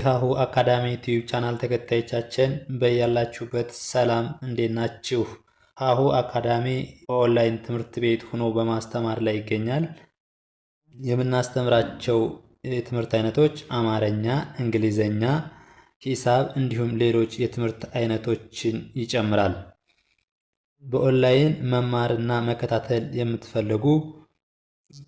ካሁ አካዳሚ ዩቲዩብ ቻናል ተከታዮቻችን በያላችሁበት ሰላም፣ እንዴት ናችሁ? ካሁ አካዳሚ ኦንላይን ትምህርት ቤት ሆኖ በማስተማር ላይ ይገኛል። የምናስተምራቸው የትምህርት አይነቶች አማርኛ፣ እንግሊዘኛ፣ ሂሳብ እንዲሁም ሌሎች የትምህርት አይነቶችን ይጨምራል። በኦንላይን መማርና መከታተል የምትፈልጉ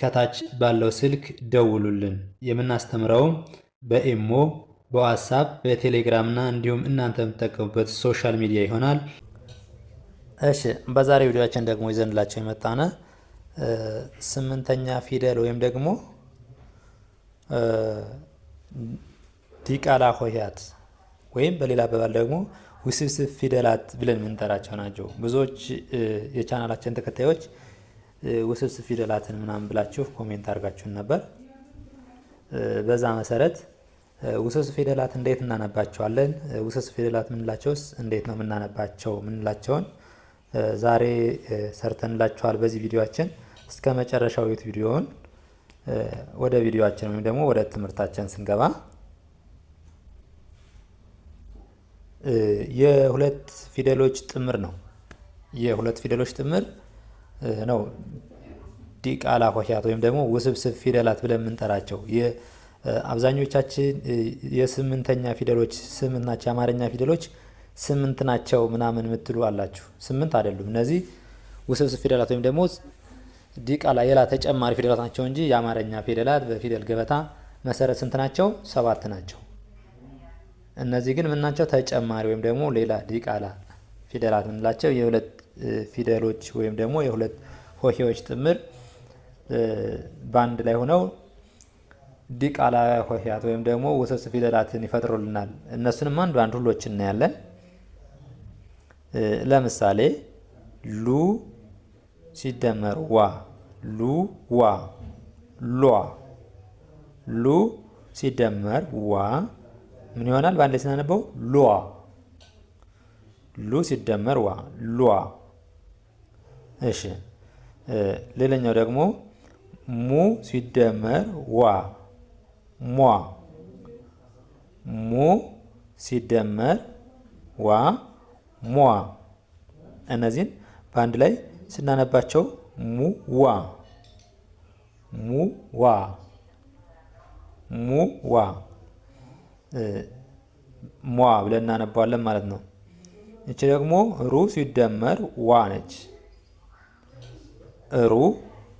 ከታች ባለው ስልክ ደውሉልን። የምናስተምረውም በኢሞ በዋትሳፕ በቴሌግራም እና እንዲሁም እናንተ የምትጠቀሙበት ሶሻል ሚዲያ ይሆናል። እሺ በዛሬ ቪዲዮችን ደግሞ ይዘንላቸው የመጣነ ስምንተኛ ፊደል ወይም ደግሞ ዲቃላ ሆሄያት ወይም በሌላ አባባል ደግሞ ውስብስብ ፊደላት ብለን የምንጠራቸው ናቸው። ብዙዎች የቻናላችን ተከታዮች ውስብስብ ፊደላትን ምናምን ብላችሁ ኮሜንት አድርጋችሁን ነበር። በዛ መሰረት ውስብስብ ፊደላት እንዴት እናነባቸዋለን? ውስብስብ ፊደላት ምንላቸውስ እንዴት ነው የምናነባቸው? ምንላቸውን ዛሬ ሰርተንላቸዋል በዚህ ቪዲዮአችን። እስከ መጨረሻው ዩት ቪዲዮውን ወደ ቪዲዮአችን ወይም ደግሞ ወደ ትምህርታችን ስንገባ የሁለት ፊደሎች ጥምር ነው። የሁለት ፊደሎች ጥምር ነው ዲቃላ ሆሄያት ወይም ደግሞ ውስብስብ ፊደላት ብለን የምንጠራቸው አብዛኞቻችን የስምንተኛ ፊደሎች ስምንት ናቸው፣ የአማርኛ ፊደሎች ስምንት ናቸው ምናምን የምትሉ አላችሁ። ስምንት አይደሉም። እነዚህ ውስብስብ ፊደላት ወይም ደግሞ ዲቃላ የላ ተጨማሪ ፊደላት ናቸው እንጂ የአማርኛ ፊደላት በፊደል ገበታ መሰረት ስንት ናቸው? ሰባት ናቸው። እነዚህ ግን ምን ናቸው? ተጨማሪ ወይም ደግሞ ሌላ ዲቃላ ፊደላት ምንላቸው የሁለት ፊደሎች ወይም ደግሞ የሁለት ሆሄዎች ጥምር በአንድ ላይ ሆነው ዲቃላ ሆሄያት ወይም ደግሞ ውስብስብ ፊደላትን ይፈጥሩልናል። እነሱንም አንዱ አንድ ሁሎች እናያለን። ለምሳሌ ሉ ሲደመር ዋ ሉ ዋ ሏ ሉ ሲደመር ዋ ምን ይሆናል? በአንድ ላይ ስናነበው ሏ ሉ ሲደመር ዋ ሏ። እሺ ሌላኛው ደግሞ ሙ ሲደመር ዋ ሟ ሙ ሲደመር ዋ ሟ። እነዚህን በአንድ ላይ ስናነባቸው ሙ ዋ ሙ ዋ ሙ ዋ ሟ ብለን እናነባዋለን ማለት ነው። ይቺ ደግሞ ሩ ሲደመር ዋ ነች። ሩ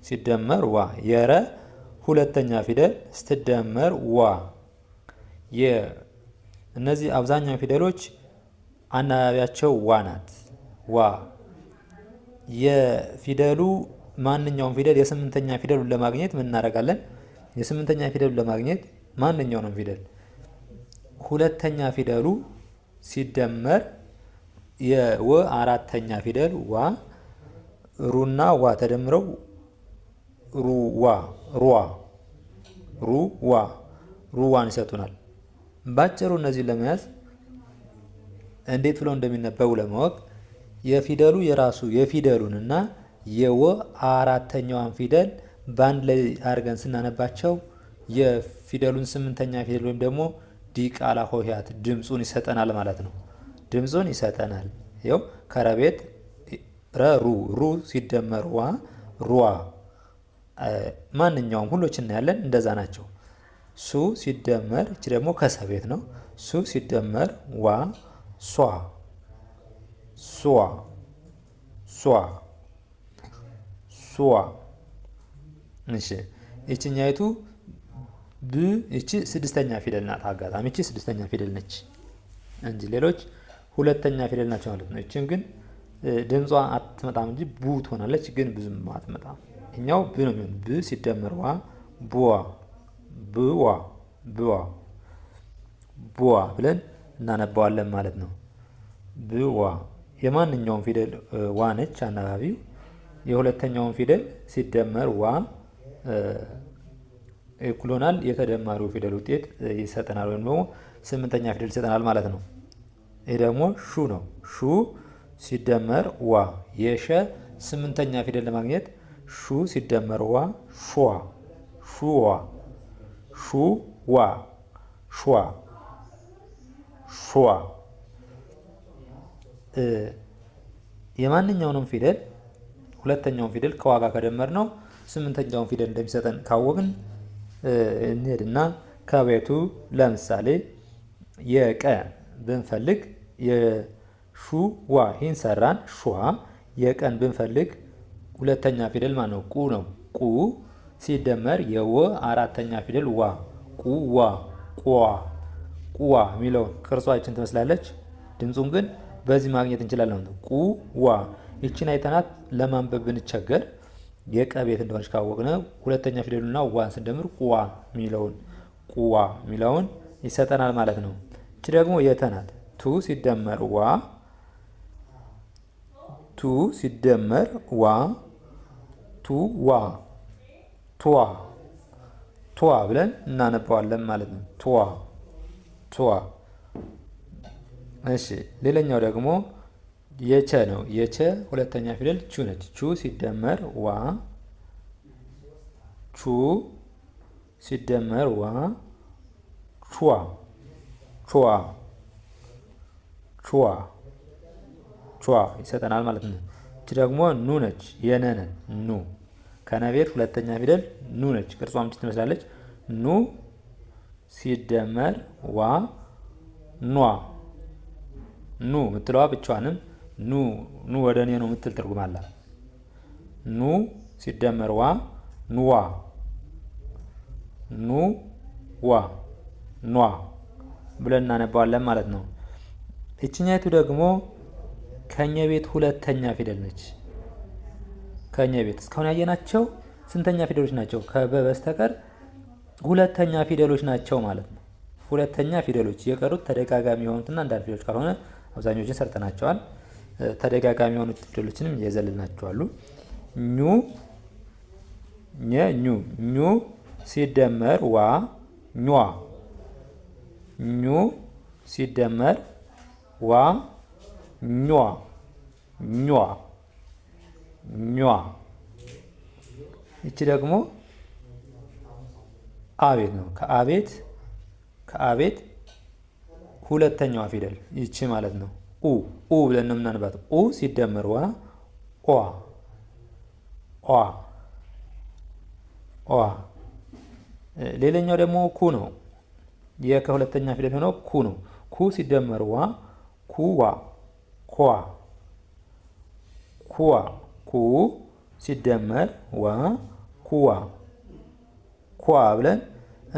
ሲደመር ዋ የረ ሁለተኛ ፊደል ስትደመር ዋ። እነዚህ አብዛኛው ፊደሎች አናባቢያቸው ዋ ናት። ዋ የፊደሉ ማንኛውም ፊደል የስምንተኛ ፊደሉን ለማግኘት ምን እናደርጋለን? የስምንተኛ ፊደሉን ለማግኘት ማንኛውንም ፊደል ሁለተኛ ፊደሉ ሲደመር የወ አራተኛ ፊደል ዋ ሩና ዋ ተደምረው ሩዋ ሩዋ ሩዋ ሩዋን ይሰጡናል። ባጭሩ እነዚህ ለመያዝ እንዴት ብለው እንደሚነበቡ ለማወቅ የፊደሉ የራሱ የፊደሉን እና የወ አራተኛዋን ፊደል በአንድ ላይ አድርገን ስናነባቸው የፊደሉን ስምንተኛ ፊደል ወይም ደግሞ ዲቃላ ሆሄያት ድምፁን ይሰጠናል ማለት ነው። ድምፁን ይሰጠናል። ይኸው ከረቤት ረሩ ሩ ሲደመር ዋ ሩዋ ማንኛውም ሁሎች እናያለን እንደዛ ናቸው። ሱ ሲደመር እች ደግሞ ከሰቤት ነው። ሱ ሲደመር ዋ ሷ ሷ ሷ ሷ። እሺ ይችኛይቱ ብ እቺ ስድስተኛ ፊደል ናት። አጋጣሚ እቺ ስድስተኛ ፊደል ነች እንጂ ሌሎች ሁለተኛ ፊደል ናቸው ማለት ነው። እቺም ግን ድምጿ አትመጣም እንጂ ቡ ትሆናለች፣ ግን ብዙም አትመጣም። ይሄኛው ብ ነው የሚሆን ብ ሲደመር ዋ ቡዋ ብዋ ብዋ ቡዋ ብለን እናነባዋለን ማለት ነው። ብዋ የማንኛውም ፊደል ዋ ነች አናባቢው። የሁለተኛውን ፊደል ሲደመር ዋ ኢኩሎናል የተደማሪው ፊደል ውጤት ይሰጠናል፣ ወይም ደግሞ ስምንተኛ ፊደል ይሰጠናል ማለት ነው። ይህ ደግሞ ሹ ነው። ሹ ሲደመር ዋ የሸ ስምንተኛ ፊደል ለማግኘት ሹ ሲደመር ዋ ሹዋ ሹዋ ሹዋ ሹዋ ሹዋ። የማንኛውንም ፊደል ሁለተኛውን ፊደል ከዋጋ ከደመር ነው ስምንተኛውን ፊደል እንደሚሰጠን ካወቅን እንሄድና ከቤቱ ለምሳሌ የቀ ብንፈልግ የሹዋ ይህን ሰራን ሹዋ የቀን ብንፈልግ ሁለተኛ ፊደል ማለት ነው። ቁ ነው። ቁ ሲደመር የወ አራተኛ ፊደል ዋ ቁዋ ቁዋ ቁዋ የሚለውን ቅርጿችን ትመስላለች። ድምፁን ግን በዚህ ማግኘት እንችላለን። ቁዋ ይችን አይተናት ለማንበብ ብንቸገር የቀቤት ቤት እንደሆነች ካወቅነ ሁለተኛ ፊደሉና ዋን ስንደምር ቁዋ የሚለውን ቁዋ የሚለውን ይሰጠናል ማለት ነው። ይቺ ደግሞ የተናት ቱ ሲደመር ዋ ቱ ሲደመር ዋ ቱዋ ቱዋ ቱዋ ብለን እናነባዋለን ማለት ነው። ቱዋ ቱዋ። እሺ ሌላኛው ደግሞ የቸ ነው። የቸ ሁለተኛ ፊደል ቹ ነች። ቹ ሲደመር ዋ፣ ቹ ሲደመር ዋ፣ ቹዋ ቹዋ ቹዋ ቹዋ ይሰጠናል ማለት ነው። እቺ ደግሞ ኑ ነች። የነነን ኑ ከነቤት ሁለተኛ ፊደል ኑ ነች። ቅርጿ ምች ትመስላለች። ኑ ሲደመር ዋ ኗ ኑ ምትለዋ ብቻዋንም ኑ ኑ ወደ እኔ ነው ምትል ትርጉም አለ ኑ ሲደመር ዋ ኑዋ ኑ ዋ ኗ ብለን እናነባዋለን ማለት ነው። ይችኛይቱ ደግሞ ከኛ ቤት ሁለተኛ ፊደል ነች። ከኛ ቤት እስካሁን ያየናቸው ስንተኛ ፊደሎች ናቸው? ከበ በስተቀር ሁለተኛ ፊደሎች ናቸው ማለት ነው። ሁለተኛ ፊደሎች የቀሩት ተደጋጋሚ የሆኑትና አንዳንድ ፊደሎች ካልሆነ አብዛኞችን ሰርተናቸዋል። ተደጋጋሚ የሆኑ ፊደሎችንም የዘልልናቸዋሉ። ኙ ኙ ኙ ሲደመር ዋ ኟ ኙ ሲደመር ዋ ኟ ኟ ኟ። ይቺ ደግሞ አቤት ነው። ከአቤት ከአቤት ሁለተኛዋ ፊደል ይቺ ማለት ነው። ኡ ኡ ብለን ነው የምናንባት። ኡ ሲደመር ዋ ዋ ዋ ዋ። ሌላኛው ደግሞ ኩ ነው። የከሁለተኛ ፊደል ሆኖ ኩ ነው። ኩ ሲደመር ዋ ኩዋ ኩዋ ኩዋ ኩ ሲደመር ዋ ኩዋ ኳ ብለን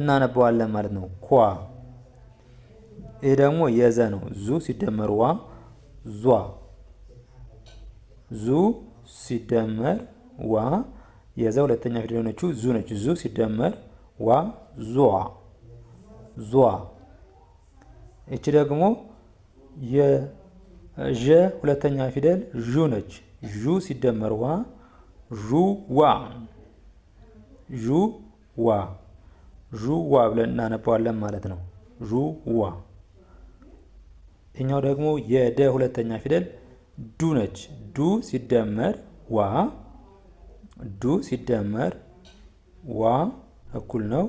እናነበዋለን ማለት ነው። ኳ ይህ ደግሞ የዘ ነው። ዙ ሲደመር ዋ ዟ ዙ ሲደመር ዋ የዘ ሁለተኛ ፊደል የሆነችው ዙ ነች። ዙ ሲደመር ዋ ዟ ዟ። እቺ ደግሞ የዠ ሁለተኛ ፊደል ዡ ነች። ዡ ሲደመር ዋ ዡ ዋ ዡ ዋ ዡ ዋ ብለን እናነባዋለን ማለት ነው። ዡ ዋ እኛው ደግሞ የደ ሁለተኛ ፊደል ዱ ነች። ዱ ሲደመር ዋ ዱ ሲደመር ዋ እኩል ነው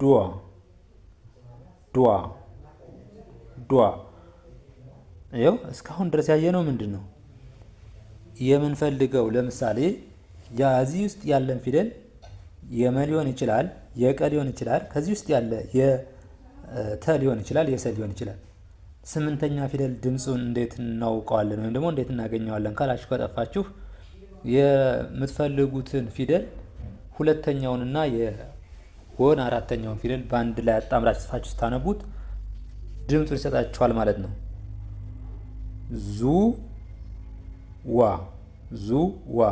ዱዋ ዱዋ ዱዋ። ይኸው እስካሁን ድረስ ያየነው ምንድን ነው? የምንፈልገው ለምሳሌ ያዚህ ውስጥ ያለን ፊደል የመ ሊሆን ይችላል፣ የቀ ሊሆን ይችላል። ከዚህ ውስጥ ያለ የተ ሊሆን ይችላል፣ የሰ ሊሆን ይችላል። ስምንተኛ ፊደል ድምፁን እንዴት እናውቀዋለን ወይም ደግሞ እንዴት እናገኘዋለን ካላችሁ ከጠፋችሁ የምትፈልጉትን ፊደል ሁለተኛውንና የወን አራተኛውን ፊደል በአንድ ላይ አጣምራችሁ ጽፋችሁ ስታነቡት ድምፁን ይሰጣችኋል ማለት ነው ዙ ዋ ዙ ዋ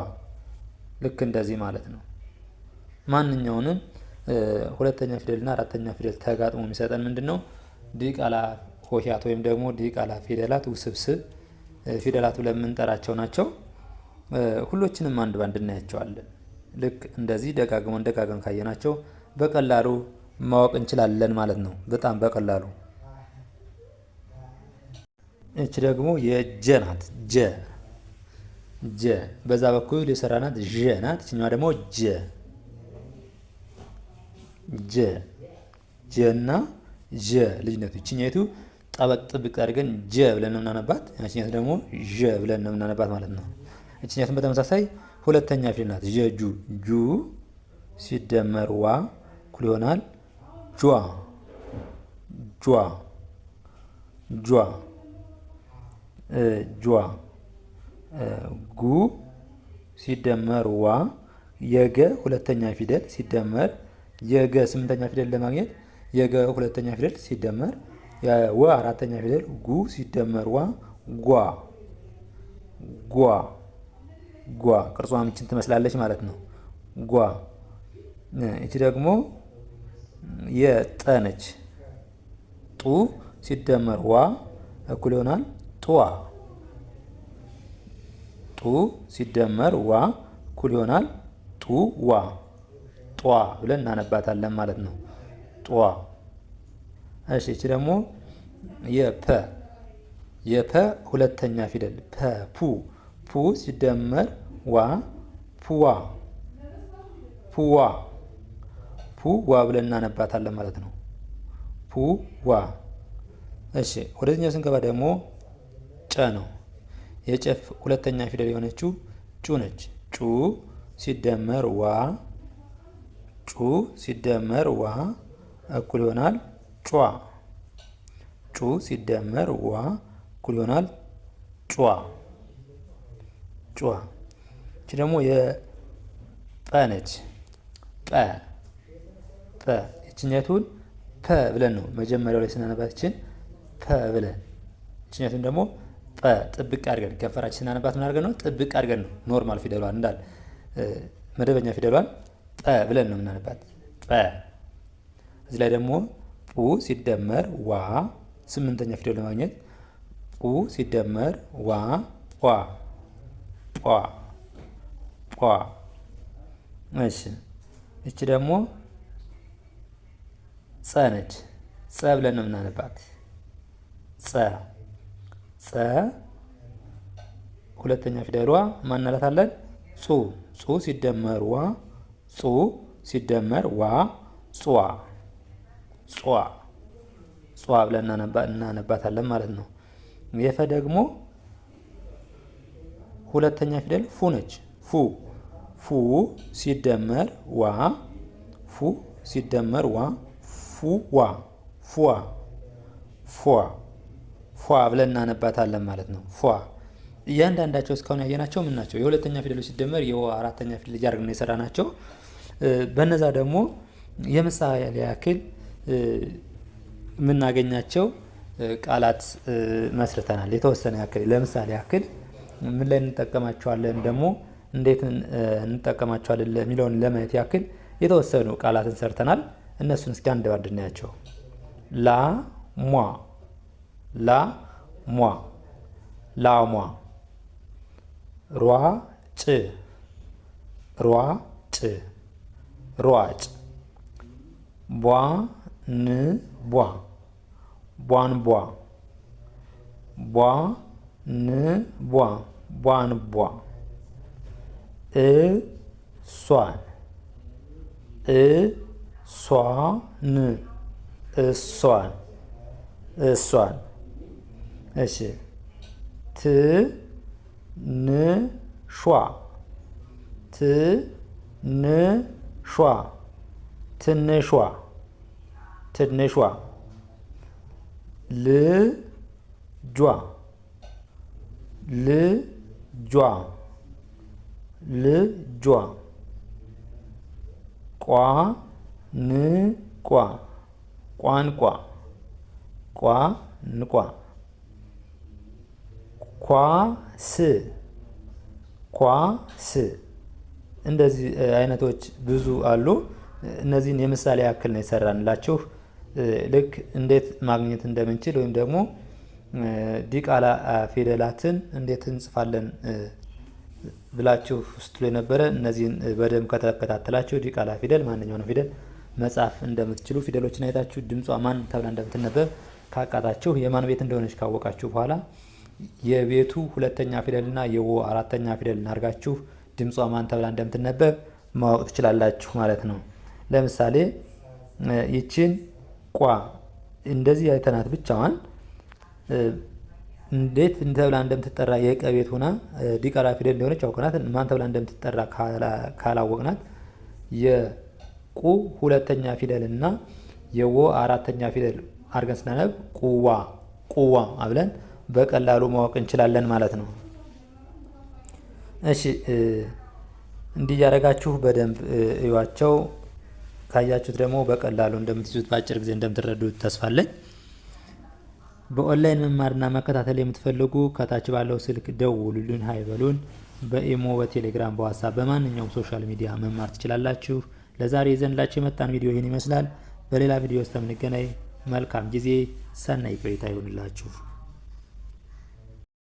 ልክ እንደዚህ ማለት ነው። ማንኛውንም ሁለተኛ ፊደልና አራተኛ ፊደል ተጋጥሞ የሚሰጠን ምንድን ነው? ዲቃላ ሆሄያት ወይም ደግሞ ዲቃላ ፊደላት ውስብስብ ፊደላት ብለን የምንጠራቸው ናቸው። ሁሎችንም አንድ ባንድ እናያቸዋለን። ልክ እንደዚህ ደጋግመን ደጋግመን ካየናቸው በቀላሉ ማወቅ እንችላለን ማለት ነው። በጣም በቀላሉ እች ደግሞ የጀ ናት ጀ ጀ በዛ በኩል የሰራ ናት ዠ ናት። ይችኛዋ ደግሞ ጀ ጀ ጀ እና ልጅነቱ። ይችኛይቱ ጠበቅ ጥብቅ አድርገን ጀ ብለን ነው የምናነባት። ያችኛቱ ደግሞ ዠ ብለን ነው የምናነባት ማለት ነው። እችኛቱን በተመሳሳይ ሁለተኛ ፊደል ናት። ዠ ጁ ጁ ሲደመር ዋ እኩል ይሆናል ጇ ጇ ጇ ጇ ጉ ሲደመር ዋ የገ ሁለተኛ ፊደል ሲደመር የገ ስምንተኛ ፊደል ለማግኘት የገ ሁለተኛ ፊደል ሲደመር ወ አራተኛ ፊደል ጉ ሲደመር ዋ ጓ ጓ ጓ ቅርጿ ምችን ትመስላለች ማለት ነው። ጓ እቺ ደግሞ የጠነች ጡ ሲደመር ዋ እኩል ይሆናል ጧ ሲደመር ዋ እኩል ይሆናል ጡ ዋ ጧ ብለን እናነባታለን ማለት ነው። ጧ። እሺ እቺ ደግሞ የፐ የፐ ሁለተኛ ፊደል ፐ ፑ ፑ ሲደመር ዋ ፑዋ ፑዋ ፑ ዋ ብለን እናነባታለን ማለት ነው። ፑ ዋ። እሺ ወደዚህኛው ስንገባ ደግሞ ጨ ነው። የጨፍ ሁለተኛ ፊደል የሆነችው ጩ ነች። ጩ ሲደመር ዋ ጩ ሲደመር ዋ እኩል ይሆናል ጯ። ጩ ሲደመር ዋ እኩል ይሆናል ጯ ጯ። እቺ ደግሞ የጰ ነች። ጰ ጰ እችኛቱን ፐ ብለን ነው መጀመሪያው ላይ ስናነባችን ፐ ብለን እችኛቱን ደግሞ ጠ ጥብቅ አድርገን ከንፈራችን ስናነባት ምን አድርገን ነው? ጥብቅ አድርገን ነው። ኖርማል ፊደሏን እንዳል መደበኛ ፊደሏን ጠ ብለን ነው የምናነባት። ጠ እዚህ ላይ ደግሞ ጡ ሲደመር ዋ ስምንተኛ ፊደል ለማግኘት ጡ ሲደመር ዋ ዋ ዋ እሺ እቺ ደግሞ ጸ ነች። ጸ ብለን ነው የምናነባት ጸ ጸ ሁለተኛ ፊደሏ ማናላታለን ጹ ጹ ሲደመር ዋ ጹ ሲደመር ዋ ጹዋ ጹዋ ጹዋ ብለን እናነባታለን ማለት ነው። የፈ ደግሞ ሁለተኛ ፊደል ፉ ነች። ፉ ፉ ሲደመር ዋ ፉ ሲደመር ዋ ፉዋ ፉዋ ፉዋ ፏ ብለን እናነባታለን ማለት ነው። ፏ እያንዳንዳቸው እስካሁን ያየናቸው ምን ናቸው? የሁለተኛ ፊደሎች ሲደመር የወ አራተኛ ፊደል እያደረግን ነው የሰራ ናቸው። በነዛ ደግሞ የምሳሌ ያክል የምናገኛቸው ቃላት መስርተናል። የተወሰነ ያክል ለምሳሌ ያክል ምን ላይ እንጠቀማቸዋለን ደግሞ እንዴት እንጠቀማቸዋለን የሚለውን ለማየት ያክል የተወሰኑ ቃላትን ሰርተናል። እነሱን እስኪ አንድ ባንድ እናያቸው። ላ ሟ la moi la moi roi te roi te roi bois ne bois bois ne bois bois ne bois bois ne bois et soit et soit ne et soit et soit Choix. ne choix. ne choix. Te ne choix. Le joie. Le joie. Le joie. Quoi ne quoi? quoi? Quoi ne quoi? ኳስ ኳስ እንደዚህ አይነቶች ብዙ አሉ። እነዚህን የምሳሌ ያክል ነው የሰራንላችሁ። ልክ እንዴት ማግኘት እንደምንችል ወይም ደግሞ ዲቃላ ፊደላትን እንዴት እንጽፋለን ብላችሁ ስትሉ የነበረ እነዚህን በደንብ ከተከታተላችሁ ዲቃላ ፊደል ማንኛውንም ፊደል መጻፍ እንደምትችሉ ፊደሎችን አይታችሁ ድምጿ ማን ተብላ እንደምትነበብ ካቃታችሁ የማን ቤት እንደሆነች ካወቃችሁ በኋላ የቤቱ ሁለተኛ ፊደልና የወ አራተኛ ፊደል እናርጋችሁ ድምጿ ማን ተብላ እንደምትነበብ ማወቅ ትችላላችሁ ማለት ነው። ለምሳሌ ይችን ቋ እንደዚህ አይተናት ብቻዋን እንዴት ተብላ እንደምትጠራ የቀቤት ቤት ሆና ዲቃላ ፊደል እንደሆነች አውቀናት ማን ተብላ እንደምትጠራ ካላወቅናት የቁ ሁለተኛ ፊደል እና የወ አራተኛ ፊደል አድርገን ስናነብ ቁዋ ቁዋ አብለን በቀላሉ ማወቅ እንችላለን ማለት ነው። እሺ እንዲህ እያደረጋችሁ በደንብ እዩዋቸው። ካያችሁት ደግሞ በቀላሉ እንደምትይዙት በአጭር ጊዜ እንደምትረዱት ተስፋለኝ። በኦንላይን መማርና መከታተል የምትፈልጉ ከታች ባለው ስልክ ደውሉልን፣ ሀይበሉን። በኢሞ፣ በቴሌግራም፣ በዋትሳፕ በማንኛውም ሶሻል ሚዲያ መማር ትችላላችሁ። ለዛሬ ይዘንላችሁ የመጣን ቪዲዮ ይህን ይመስላል። በሌላ ቪዲዮ እስከምንገናኝ መልካም ጊዜ፣ ሰናይ ቆይታ ይሆንላችሁ።